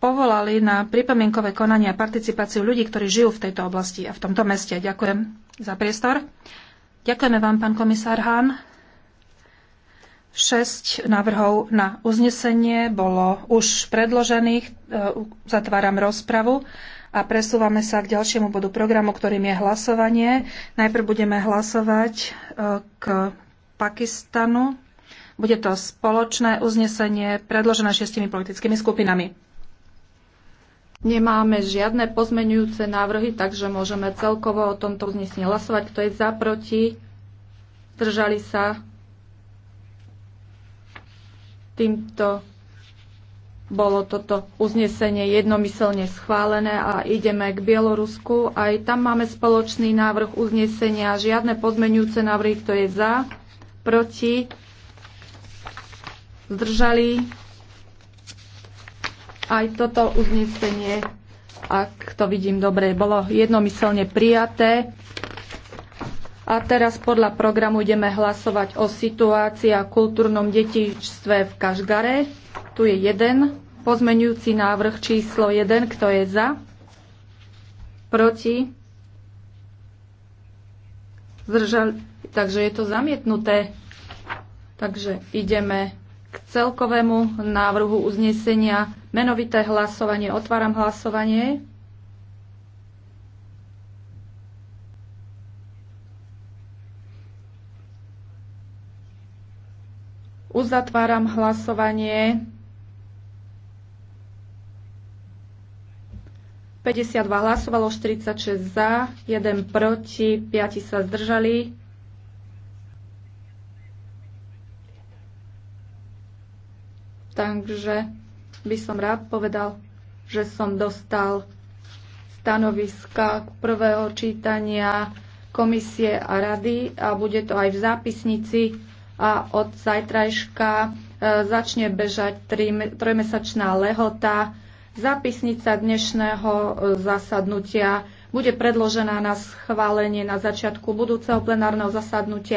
povolali na pripomienkové konanie a participáciu ľudí, ktorí žijú v tejto oblasti a v tomto meste. Ďakujem za priestor. Ďakujeme vám, pán komisár Hahn. Šesť návrhov na uznesenie bolo už predložených. E, Zatváram rozpravu a presúvame sa k ďalšiemu bodu programu, ktorým je hlasovanie. Najprv budeme hlasovať e, k Pakistanu. Bude to spoločné uznesenie predložené šiestimi politickými skupinami. Nemáme žiadne pozmenujúce návrhy, takže môžeme celkovo o tomto uznesení hlasovať. Kto je za, proti? Zdržali sa? Týmto bolo toto uznesenie jednomyselne schválené a ideme k Bielorusku. Aj tam máme spoločný návrh uznesenia. Žiadne pozmenujúce návrhy, kto je za, proti, zdržali aj toto uznesenie, ak to vidím dobre, bolo jednomyselne prijaté. A teraz podľa programu ideme hlasovať o situácii a kultúrnom detičstve v Kažgare. Tu je jeden pozmenujúci návrh číslo 1, kto je za, proti, zdržali, takže je to zamietnuté. Takže ideme k celkovému návrhu uznesenia menovité hlasovanie. Otváram hlasovanie. Uzatváram hlasovanie. 52 hlasovalo, 46 za, 1 proti, 5 sa zdržali. Takže by som rád povedal, že som dostal stanoviska k prvého čítania komisie a rady a bude to aj v zápisnici a od zajtrajška e, začne bežať trojmesačná lehota. Zápisnica dnešného e, zasadnutia bude predložená na schválenie na začiatku budúceho plenárneho zasadnutia.